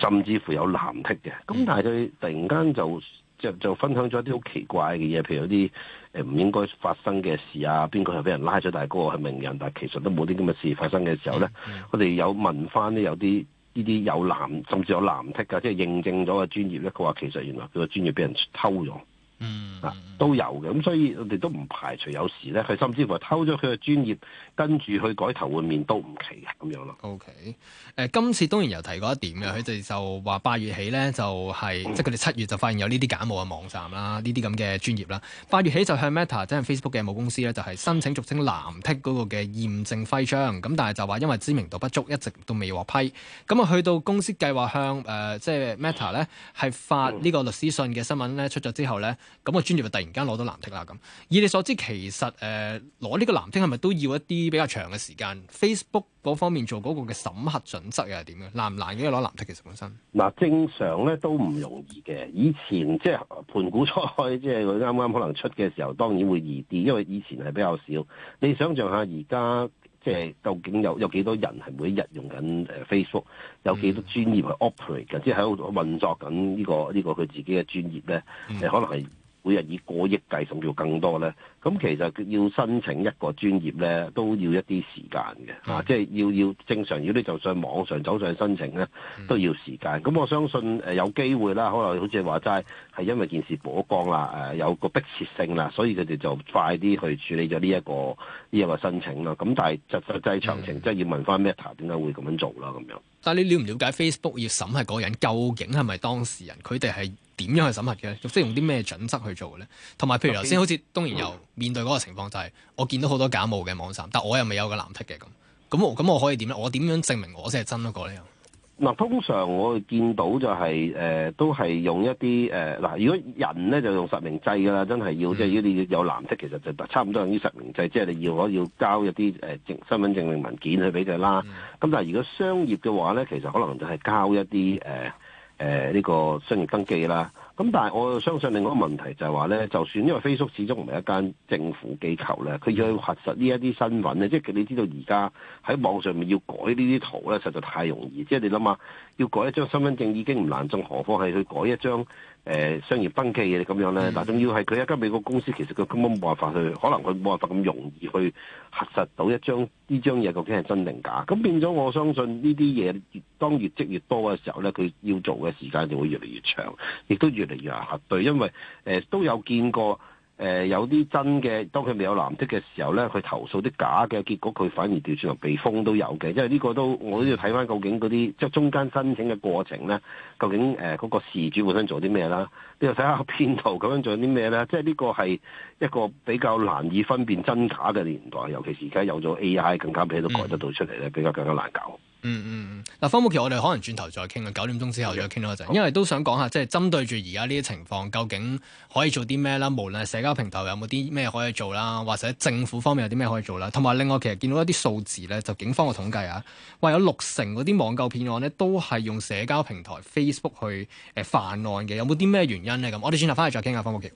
F: 甚至乎有藍剔嘅。咁但係佢突然間就。就就分享咗一啲好奇怪嘅嘢，譬如有啲誒唔應該發生嘅事啊，邊個係俾人拉咗大哥係名人，但係其實都冇啲咁嘅事發生嘅時候咧，的我哋有問翻呢，有啲呢啲有藍，甚至有藍剔㗎，即係認證咗嘅專頁咧，佢話其實原來佢個專頁俾人偷咗。嗯，都有嘅，咁所以我哋都唔排除有時咧，佢甚至乎係偷咗佢嘅專頁，跟住去改頭換面都唔奇
A: 咁樣咯。OK，誒今次當然又提過一點嘅，佢哋就話八月起呢，就係、是嗯、即係佢哋七月就發現有呢啲假冒嘅網站啦，呢啲咁嘅專頁啦。八月起就向 Meta 即係 Facebook 嘅母公司咧就係、是、申請俗稱藍剔嗰個嘅驗證徽章，咁但係就話因為知名度不足，一直都未獲批。咁啊去到公司計劃向誒、呃、即係 Meta 咧係發呢個律師信嘅新聞咧出咗之後咧。嗯咁個專業就突然間攞到藍剔啦咁。以你所知，其實誒攞呢個藍剔係咪都要一啲比較長嘅時間？Facebook 嗰方面做嗰個嘅審核準則又係點樣嘅？難唔難嘅攞藍剔其實本身？
F: 嗱，正常咧都唔容易嘅。以前即係盤古賽盤古初開，即係佢啱啱可能出嘅時候，當然會易啲，因為以前係比較少。你想象想像下而家即係究竟有有幾多人係每日用緊誒 Facebook？有幾多專業去 operate，、嗯、即係喺度運作緊呢、這個呢個呢、這個呢個佢自己嘅專業咧？嗯、可能係。每日以個億計，甚至乎更多咧。咁其實要申請一個專業咧，都要一啲時間嘅，嗯、啊，即係要要正常，要啲就上網上走上申請咧，嗯、都要時間。咁我相信誒、呃、有機會啦，可能好似話齋係因為件事曝光啦，誒、呃、有個迫切性啦，所以佢哋就快啲去處理咗呢一個呢一、這個申請咯。咁但係實實際詳情，即係要問翻 Meta 點解會咁樣做啦，咁
A: 樣。但係你了唔了解 Facebook 要審核嗰個人究竟係咪當事人？佢哋係點樣去審核嘅？即係用啲咩準則去做嘅咧？同埋譬如頭先，Okay. 好似當然有面對嗰個情況就係我見到好多假冒嘅網站，但我又未有個藍剔嘅，咁咁，我咁我可以點咧？我點樣證明我先係真嗰個咧？
F: 嗱，通常我見到就係、是、誒、呃，都係用一啲誒，嗱、呃，如果人咧就用實名制㗎啦，真係要即係如果你有藍色，其實就差唔多用啲實名制，即係你要攞要交一啲誒證身份證明文件去俾佢啦。咁、嗯、但係如果商業嘅話咧，其實可能就係交一啲誒誒呢個商業登記啦。咁但係，我相信另外一個問題就係話咧，就算因為 Facebook 始終唔係一間政府機構咧，佢要去核實呢一啲新聞咧，即係你知道而家喺網上面要改呢啲圖咧，實在太容易。即係你諗下，要改一張身份證已經唔難，仲何況係去改一張誒商業登記嘅咁樣咧，但仲要係佢一家美國公司，其實佢根本冇辦法去，可能佢冇辦法咁容易去核實到一張呢張嘢究竟係真定假。咁變咗，我相信呢啲嘢當越積越多嘅時候咧，佢要做嘅時間就會越嚟越長，亦都越嚟越難核對，因為誒、呃、都有見過。誒、呃、有啲真嘅，當佢未有藍色嘅時候咧，佢投訴啲假嘅，結果佢反而掉轉頭被封都有嘅，因為呢個都我都要睇返究竟嗰啲即係中間申請嘅過程咧，究竟誒嗰、呃嗰個事主本身做啲咩啦？你又睇下編圖咁樣做啲咩咧？即係呢個係一個比較難以分辨真假嘅年代，尤其是而家有咗 AI，更加俾都改得到出嚟咧，比較更加難搞。嗯
A: 嗯嗯，嗱、嗯、方保僑，我哋可能轉頭再傾啊，九點鐘之後再傾多陣，嗯、因為都想講下即係、就是、針對住而家呢啲情況，究竟可以做啲咩啦？無論係社交平台有冇啲咩可以做啦，或者政府方面有啲咩可以做啦，同埋另外其實見到一啲數字咧，就警方嘅統計啊，話有六成嗰啲網購騙案呢，都係用社交平台 Facebook 去誒犯案嘅，有冇啲咩原因呢？咁，我哋轉頭翻去再，再傾下方保僑。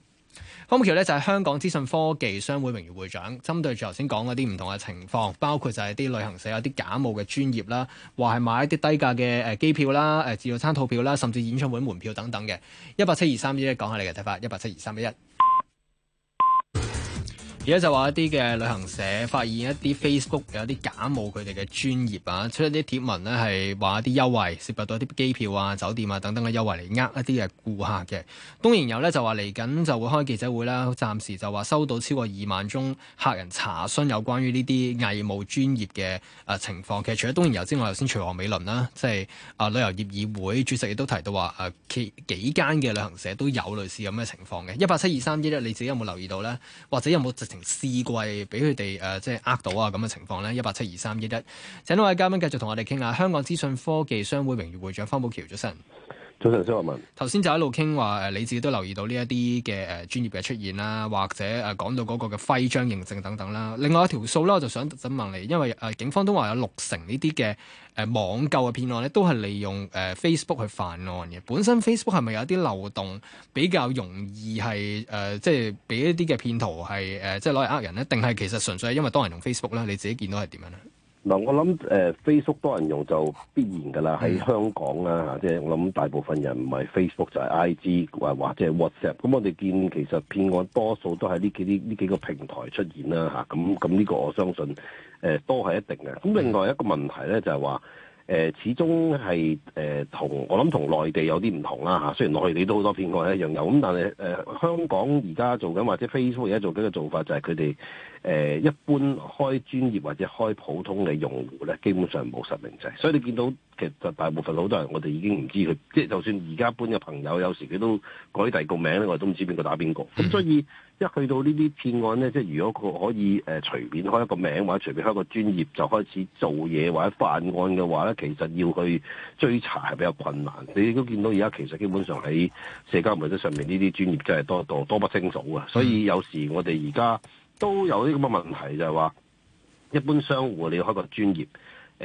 A: 保僑咧就係香港資訊科技商會榮譽會長，針對住頭先講嗰啲唔同嘅情況，包括就係啲旅行社有啲假冒嘅專頁啦，話係買一啲低價嘅誒機票啦、誒自助餐套票啦，甚至演唱會門票等等嘅，1, 一八七二三一一講下你嘅睇法，一八七二三一一。而家就話一啲嘅旅行社發現一啲 Facebook 有啲假冒佢哋嘅專頁啊，出一啲貼文呢，係話一啲優惠，涉及到一啲機票啊、酒店啊等等嘅優惠嚟呃一啲嘅顧客嘅。東瀛遊呢，就話嚟緊就會開記者會啦，暫時就話收到超過二萬宗客人查詢有關於呢啲偽冒專頁嘅誒、呃、情況。其實除咗東瀛遊之外，頭先徐王美倫啦，即係啊、呃、旅遊業議會主席亦都提到話誒、呃、幾幾間嘅旅行社都有類似咁嘅情況嘅。一八七二三一一你自己有冇留意到呢？或者有冇直？四季俾佢哋誒，即係呃到啊咁嘅情況呢，一八七二三一一，請兩位嘉賓繼續同我哋傾下，香港資訊科技商會榮譽會長方保僑先生。頭先就一路傾話誒，你自己都留意到呢一啲嘅誒專頁嘅出現啦，或者誒、呃、講到嗰個嘅徽章認證等等啦。另外一條數啦，我就想特登問你，因為誒、呃、警方都話有六成呢啲嘅誒網購嘅騙案咧，都係利用誒、呃、Facebook 去犯案嘅。本身 Facebook 係咪有一啲漏洞，比較容易係誒，即係俾一啲嘅騙徒係誒，即係攞嚟呃、就是、人呢？定係其實純粹係因為多人用 Facebook 咧，你自己見到係點樣呢？
F: 嗱，我諗誒 Facebook 多人用就必然噶啦，喺的香港啦嚇，即係我諗大部分人唔係 Facebook 就係 IG 或或者 WhatsApp。咁我哋見其實騙案多數都喺呢幾啲呢幾個平台出現啦嚇。咁咁呢個我相信誒、呃、都係一定嘅。咁另外一個問題咧就係話誒，始終係誒同我諗同內地有啲唔同啦嚇。雖然內地都好多騙案一樣有，咁但係誒、呃、香港而家做緊或者 Facebook 而家做緊嘅做法就係佢哋。誒、呃、一般開專頁或者開普通嘅用戶咧，基本上冇實名制，所以你見到其實大部分好多人我哋已經唔知佢，即係就算而家搬嘅朋友，有時佢都改第二個名咧，我哋都唔知邊個打邊個。咁、嗯、所以一去到呢啲騙案咧，即係如果佢可以誒、呃、隨便開一個名或者隨便開一個專頁就開始做嘢或者犯案嘅話咧，其實要去追查係比較困難。你都見到而家其實基本上喺社交媒體上面呢啲專頁真係多到多，多不清楚啊。所以有時我哋而家都有啲咁嘅問題，就係話一般商戶你要開個專業，誒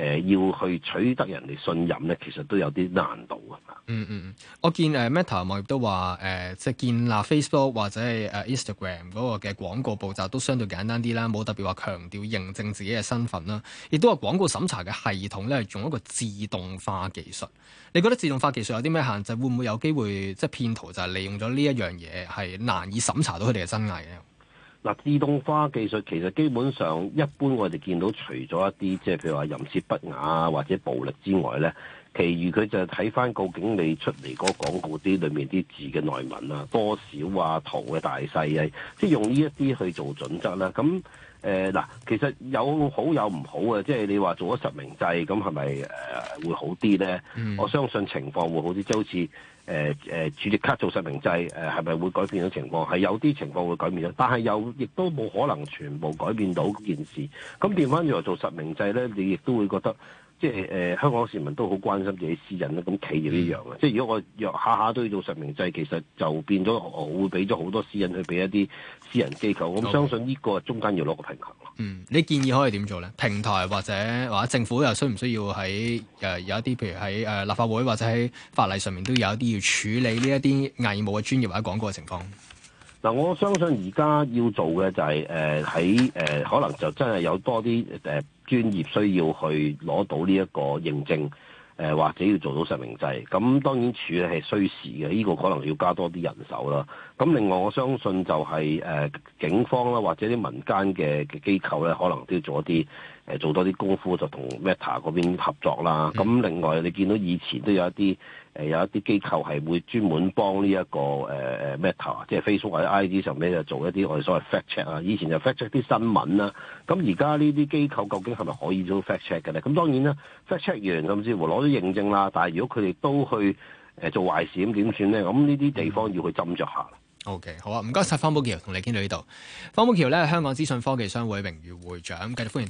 F: 要去取得人哋信任咧，其實都有啲難度啊。嗯嗯
A: 嗯，我見誒 Meta 網頁都話誒即係建立 Facebook 或者係誒 Instagram 嗰個嘅廣告步驟都相對簡單啲啦，冇特別話強調認證自己嘅身份啦，亦都話廣告審查嘅系統咧係用一個自動化技術，你覺得自動化技術有啲咩限制？會唔會有機會即係騙徒就係利用咗呢一樣嘢，係難以審查到佢哋嘅真偽咧？
F: 嗱，自動化技術其實基本上一般，我哋見到除咗一啲即係譬如話淫穢不雅啊，或者暴力之外咧，其餘佢就睇返究竟你出嚟嗰廣告啲裡面啲字嘅內文啊，多少啊，圖嘅大細啊，即係用呢一啲去做準則啦。咁。誒嗱、呃，其實有好有唔好啊，即係你話做咗實名制，咁係咪誒會好啲咧？嗯、我相信情況會好啲，即係好似誒誒儲值卡做實名制，誒係咪會改變咗情況？係有啲情況會改變咗，但係又亦都冇可能全部改變到件事。咁變翻原來做實名制咧，你亦都會覺得。即係誒、呃、香港市民都好關心自己私隱咧，咁企業呢樣啊，嗯、即係如果我若下下都要做實名制，其實就變咗我會俾咗好多私隱去俾一啲私人機構。咁 Okay. 相信呢個中間要攞個平衡。
A: 嗯，你建議可以點做咧？平台或者或者政府又需唔需要喺誒有，有一啲，譬如喺誒、呃、立法會或者喺法例上面都有一啲要處理呢一啲偽冒嘅專頁或者廣告嘅情況？
F: 嗱、啊，我相信而家要做嘅就係誒喺誒可能就真係有多啲誒、呃、專業需要去攞到呢一個認證，誒、呃、或者要做到實名制。咁、啊、當然處理係需時嘅，呢、這個可能要加多啲人手啦。咁、啊、另外我相信就係、是、誒、呃、警方啦，或者啲民間嘅嘅機構咧，可能都要做一啲。做多啲功夫就同 Meta 嗰邊合作啦。咁、嗯、另外你見到以前都有一啲誒有一啲機構係會專門幫呢一個誒 Meta 即係 Facebook 或者 I D 上面就做一啲我哋所謂 fact check 啊。以前就 fact check 啲新聞啦。咁而家呢啲機構究竟係咪可以做 fact check 嘅呢？咁當然啦、嗯、fact check 完甚至乎攞啲認證啦。但係如果佢哋都去誒做壞事咁點算呢？咁呢啲地方要去斟酌下。
A: O K 好啊，唔該晒。方保僑，同你傾到呢度。方保僑咧，香港資訊科技商會榮譽會長，繼續歡迎。